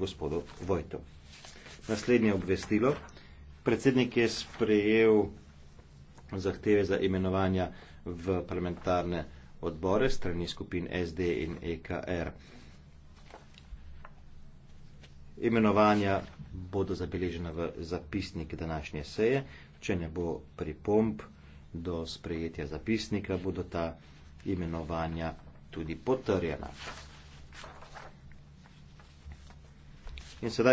gospodu Vojtu. Naslednje obvestilo. Predsednik je sprejel zahteve za imenovanja v parlamentarne odbore strani skupin SD in EKR. Imenovanja bodo zabeležena v zapisnik današnje seje. Če ne bo pripomp do sprejetja zapisnika, bodo ta imenovanja tudi potrjena. in sedaj